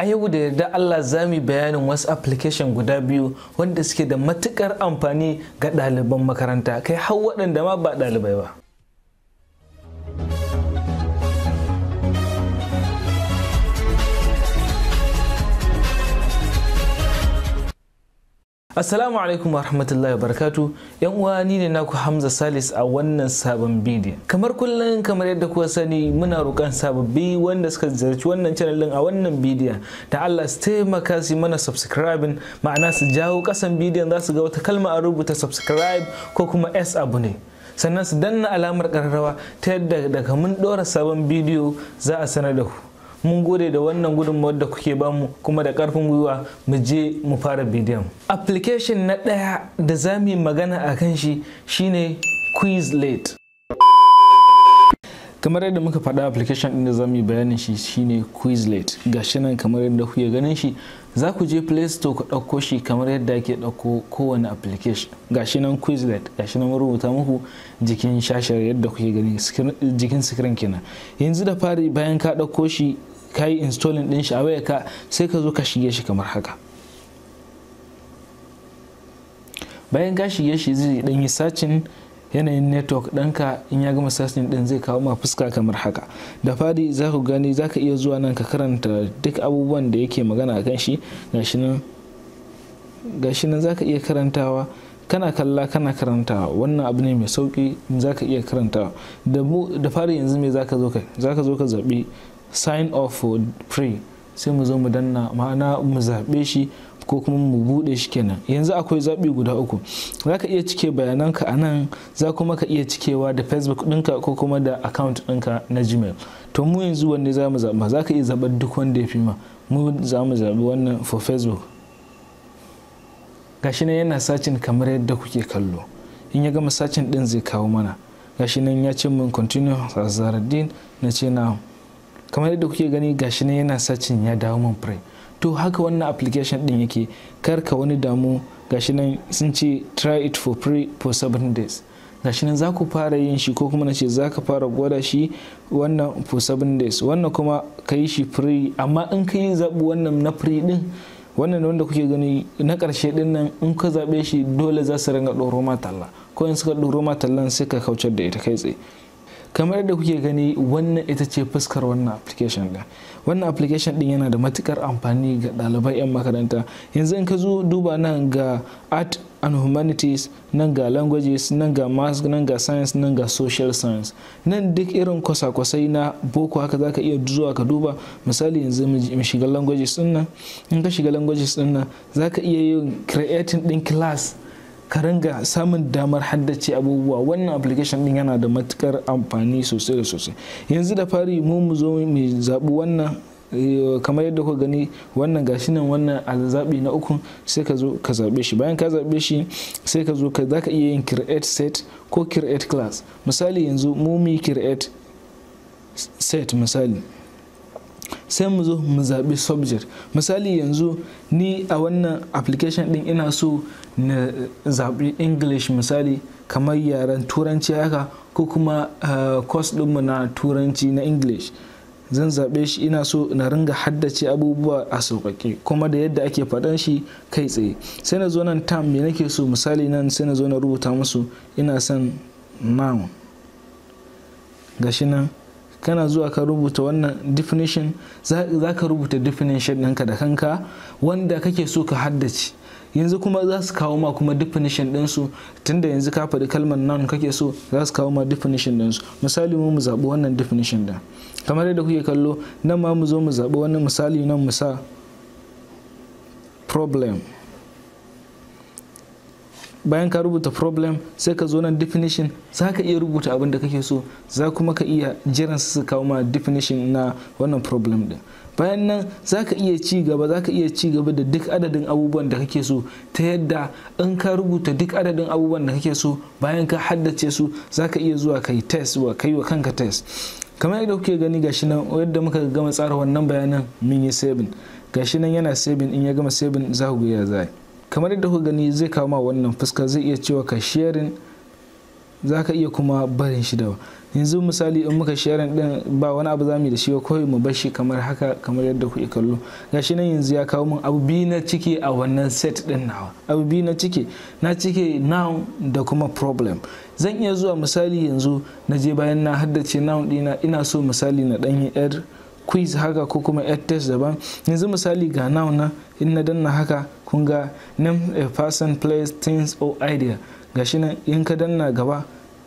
a yau da yarda Allah za mu bayanin wasu application guda biyu wanda suke da matukar amfani ga ɗaliban makaranta kai har waɗanda ma ba ɗalibai ba Assalamu alaikum warahmatullahi barakatu Yan uwa ni ne naku Hamza Salis a wannan sabon bidiyon. Kamar kullum kamar yadda kuka sani muna roƙon sababbi wanda suka ziyarci wannan channel a wannan bidiyon da Allah su taimaka su mana subscribing ma'ana su jawo ƙasan bidiyon za su ga wata kalma a rubuta subscribe ko kuma S abune Sannan su danna alamar ƙararrawa ta yadda daga mun ɗora sabon bidiyo za a sanar da ku. mun gode da wannan gudunmawar da kuke bamu kuma da karfin gwiwa mu je mu fara bidiyon application na ɗaya da za mu yi magana a kan shi shine quizlet kamar yadda muka faɗa application ɗin da za mu yi bayanin shi shine quizlet shi nan kamar yadda kuke ganin shi za ku je play store ku ɗauko shi kamar yadda ake ɗauko kowane application shi nan quizlet shi nan rubuta muku jikin shashar yadda kuke gani jikin screen kenan yanzu da fari bayan ka ɗauko shi ka yi installing din shi a wayarka sai ka zo ka shige shi kamar haka bayan ka shige shi zai dan yi sacin yanayin network ɗanka in ya gama sacin din zai kawo ma fuska kamar haka da fadi za ku gani za ka iya zuwa nan ka karanta duk abubuwan da yake magana kan shi gashi nan za ka iya karantawa kana kalla kana karantawa wannan abu ne mai sauki za ka iya karantawa da fari yanzu me zo za ka zo ka zaɓi sign off for free sai mu zo mu danna ma'ana mu zaɓe shi ko kuma mu buɗe shi kenan yanzu akwai zaɓi guda uku za ka iya cike bayananka a nan za kuma ka iya cikewa da facebook ɗinka ko kuma da account ɗinka na gmail to mu yanzu wanne za mu zaɓa za ka iya zaɓar duk wanda ya fi ma mu za mu zaɓi wannan for facebook gashi nan yana sacin kamar yadda kuke kallo in ya gama sacin ɗin zai kawo mana gashi nan ya ce min continue zaradin na ce na kamar yadda kuke gani gashi ne yana sacin ya dawo man prime to haka wannan application din yake kar ka wani damu gashi nan sun ce try it for free for seven days gashi nan za ku fara yin shi ko kuma na ce za ka fara gwada shi wannan for seven days wannan kuma ka yi shi free amma in ka yi zaɓi wannan na free din wannan wanda kuke gani na ƙarshe din nan in ka zaɓe shi dole za su ringa ɗoro ma talla ko in suka ɗoro ma tallan sai ka kaucar da ita kai tsaye kamar yadda kuke gani wannan ita ce fuskar wannan application din wannan application din yana da matukar amfani ga ɗalibai 'yan makaranta yanzu in ka zo duba nan ga art and humanities nan ga languages nan ga maths nan ga science nan ga social science nan duk irin kwasa-kwasai na boko haka zaka iya zuwa ka duba misali yanzu mu shiga languages din nan in ka shiga languages din nan zaka iya yin creating din class ka ringa samun damar haddace abubuwa wannan application din yana da matukar amfani sosai da sosai yanzu da fari mu mu zo mu zaɓi wannan eh, kamar yadda ku gani wannan gashi nan wannan a zaɓi na uku sai ka zo ka zaɓe shi bayan ka zaɓe shi sai ka zo ka za ka iya yin create set ko create class misali yanzu mu mu create set misali sai mu zo mu zaɓi subject misali yanzu ni a wannan application ɗin ina so na zaɓi english misali kamar yaren turanci haka ko kuma eh, course ɗinmu na turanci na english zan zaɓe shi ina so na ringa haddace abubuwa a sauƙaƙe kuma da yadda ake faɗan shi kai tsaye sai na zo nan tam me nake so misali nan sai na zo na rubuta musu ina son noun gashi nan kana zuwa ka rubuta wannan definition za ka rubuta definition ɗinka da kanka wanda kake so ka haddace yanzu kuma za su kawo ma kuma definition ɗinsu tunda yanzu ka faɗi kalmar nan kake so za su kawo ma definition ɗinsu misali mu zaɓi wannan definition ɗin kamar yadda kuke kallo nan ma mu zo mu zaɓi wannan misali nan mu sa problem bayan ka rubuta problem sai ka zo nan definition za ka iya rubuta abin da kake so za kuma ka iya jiran su kawo ma definition na wannan problem din bayan nan za ka iya ci gaba za ka iya ci gaba da duk adadin abubuwan da kake so ta yadda in ka rubuta duk adadin abubuwan da kake so bayan ka haddace su za ka iya zuwa kai test wa kai wa kanka test kamar yadda kuke gani gashi nan yadda muka gama tsara wannan bayanan mun yi saving gashi nan yana saving in ya gama saving za ku ga ya zai kamar yadda ku gani zai kama wannan fuska zai iya cewa ka sharing za ka iya kuma barin shi daban yanzu misali in muka sharing din ba wani abu za mu da shi ba kawai mu bar shi kamar haka kamar yadda kuke kallo gashi nan yanzu ya kawo min abu biyu na cike a wannan set din nawa abu biyu na cike na cike noun da kuma problem zan iya zuwa misali yanzu na je bayan na haddace noun dina ina so misali na ɗanyi yar quiz haka ko kuma yar test daban yanzu misali ga noun na in na danna haka kun ga name a person place things or idea shi nan in ka danna gaba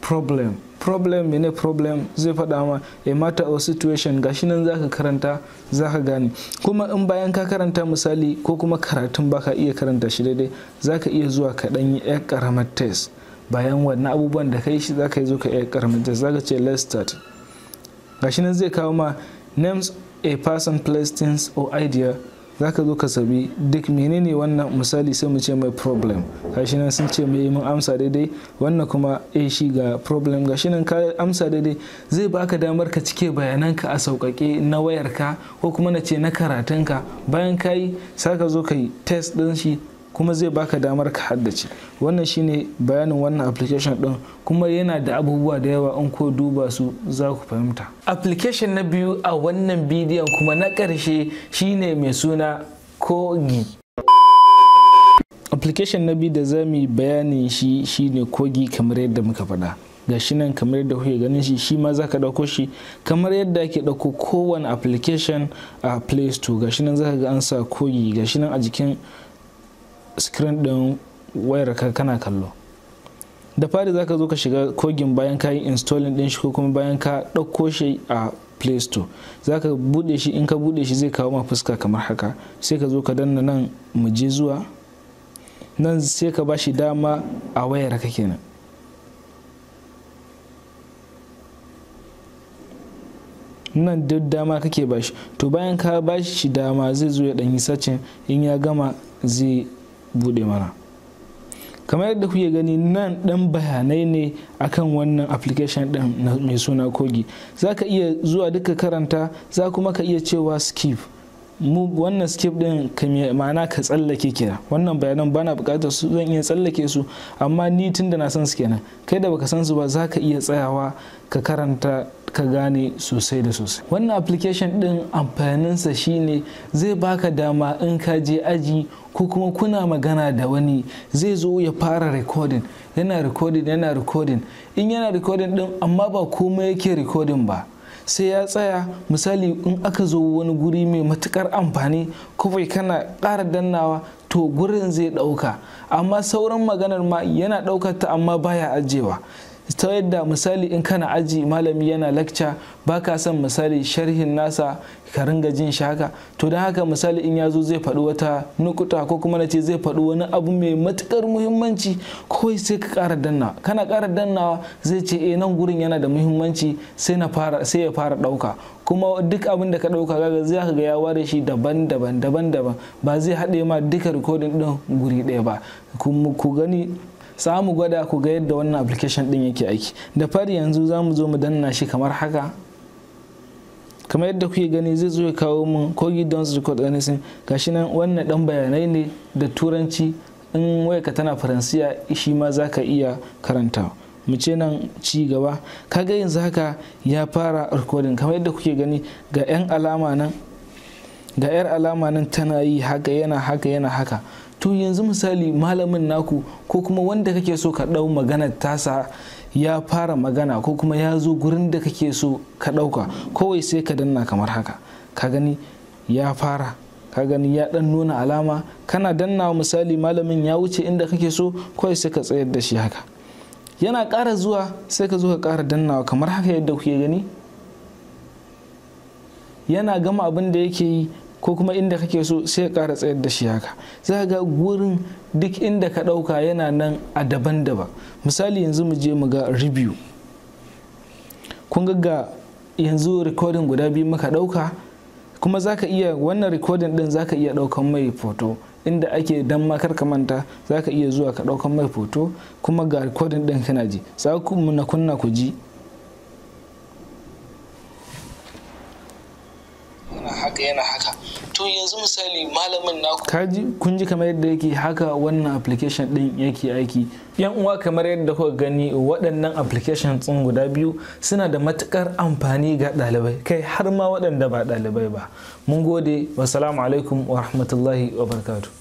problem problem mene problem zai faɗa ma a matter of situation shi nan zaka karanta zaka gane kuma in bayan ka karanta misali ko kuma karatun baka iya karanta shi daidai zaka iya zuwa ka dan yi yar karamar test bayan wannan abubuwan da kai shi zaka yi zo ka yar karamar test zaka ce let's start gashinan zai kawo ma names a person place things or idea za ka zo ka sabi duk menene wannan misali sai mu ce mai problem gashi nan sun ce mai mun amsa daidai wannan kuma a eh, shi ga problem gashi nan ka amsa daidai zai baka damar ka cike bayananka a sauƙaƙe na wayarka ko kuma na ce na karatunka bayan ka yi sai ka zo ka yi test ɗin shi kuma zai baka damar ka haddace wannan shine bayanin wannan application din kuma yana da abubuwa da yawa in ko duba su za ku fahimta application na biyu a wannan bidiyon kuma na ƙarshe shine mai suna kogi application na biyu da za mu bayanin shi shine kogi kamar yadda muka faɗa ga nan kamar yadda kuke ganin shi shi ma zaka dauko shi kamar yadda ake dauko kowane application a play store ga shi nan zaka ga an sa kogi ga nan a jikin screen din wayar ka kana kallo da fari zaka zo ka shiga kogin bayan ka yi installing din shi ko kuma bayan ka ɗauko shi a play store zaka bude shi in ka bude shi zai kawo ma fuska kamar haka sai ka zo ka danna nan mu je zuwa nan sai ka bashi dama a wayar ka kenan nan duk dama kake bashi to bayan ka bashi dama zai zo ya danyi sacin in ya gama zai buɗe mana kamar yadda kuke gani nan ɗan bayanai ne akan wannan application ɗin mai suna kogi za ka iya zuwa duka karanta za kuma ka iya cewa skip mu wannan skip din ma'ana ka tsallake kira wannan bayanan bana bukatar su zan iya tsallake su amma ni tun da na san su kenan kai da baka san su ba za ka iya tsayawa ka karanta ka gane sosai da sosai wannan application din amfaninsa shine zai baka dama in ka je aji ko kuma kuna magana da wani zai zo ya fara recording yana recording yana recording in yana recording din amma ba komai yake recording ba sai ya tsaya misali in aka zo wani guri mai matukar amfani kawai kana ƙara dannawa to gurin zai ɗauka amma sauran maganar ma yana ɗaukar ta amma baya ajewa ta yadda misali in kana aji malami yana lakca baka son misali sharhin nasa ka ringa jin shi haka to don haka misali in yazo zai faɗi wata nukuta ko kuma na ce zai faɗi wani abu mai matukar muhimmanci kawai sai ka ƙara danna kana ƙara dannawa zai ce e nan gurin yana da muhimmanci sai na fara sai ya fara ɗauka kuma duk abin da ka ɗauka gaga zai ka ga ya ware shi daban-daban daban-daban ba zai haɗe ma duka rikodin ɗin guri ɗaya ba ku gani za mu gwada ku ga yadda wannan application din yake aiki da fari yanzu za mu zo mu danna shi kamar haka kamar yadda kuke gani zai zo ya kawo mun kogi su record anything gashi nan wannan dan bayanai ne da turanci in wayarka tana faransiya shi ma za ka iya karanta mu ce nan ci gaba kaga yanzu haka ya fara recording kamar yadda kuke gani ga 'yan alama nan da 'yar alama nan tana yi haka yana haka yana haka to yanzu misali malamin naku ko kuma wanda kake so ka ɗau magana tasa ya fara magana ko kuma ya zo gurin da kake so ka ɗauka kawai sai ka danna kamar haka ka gani ya fara ka gani ya ɗan nuna alama kana danna misali malamin ya wuce inda kake so kawai sai ka tsayar da shi haka yana kara zuwa sai ka zo ka ƙara dannawa kamar haka yadda kuke gani yana gama abin da yake yi ko kuma inda kake so sai ka ƙara tsayar da shi haka za ga gurin duk inda ka ɗauka yana nan a daban-daban misali yanzu mu je mu ga review kun ga yanzu recording guda biyu muka ɗauka kuma za ka iya wannan recording ɗin za ka iya ɗaukan mai foto inda ake dan makar ka manta za ka iya zuwa ka ɗaukan mai foto kuma ga recording ɗin kana ji za ku na kunna ku ji yana haka to yanzu misali malamin naku kaji kun ji kamar yadda yake haka wannan application din yake aiki yan uwa kamar yadda kuka gani waɗannan application ɗin guda biyu suna da matukar amfani ga ɗalibai kai har ma waɗanda ba ɗalibai ba mun gode wasalamu alaikum wa rahmatullahi wa barakatuh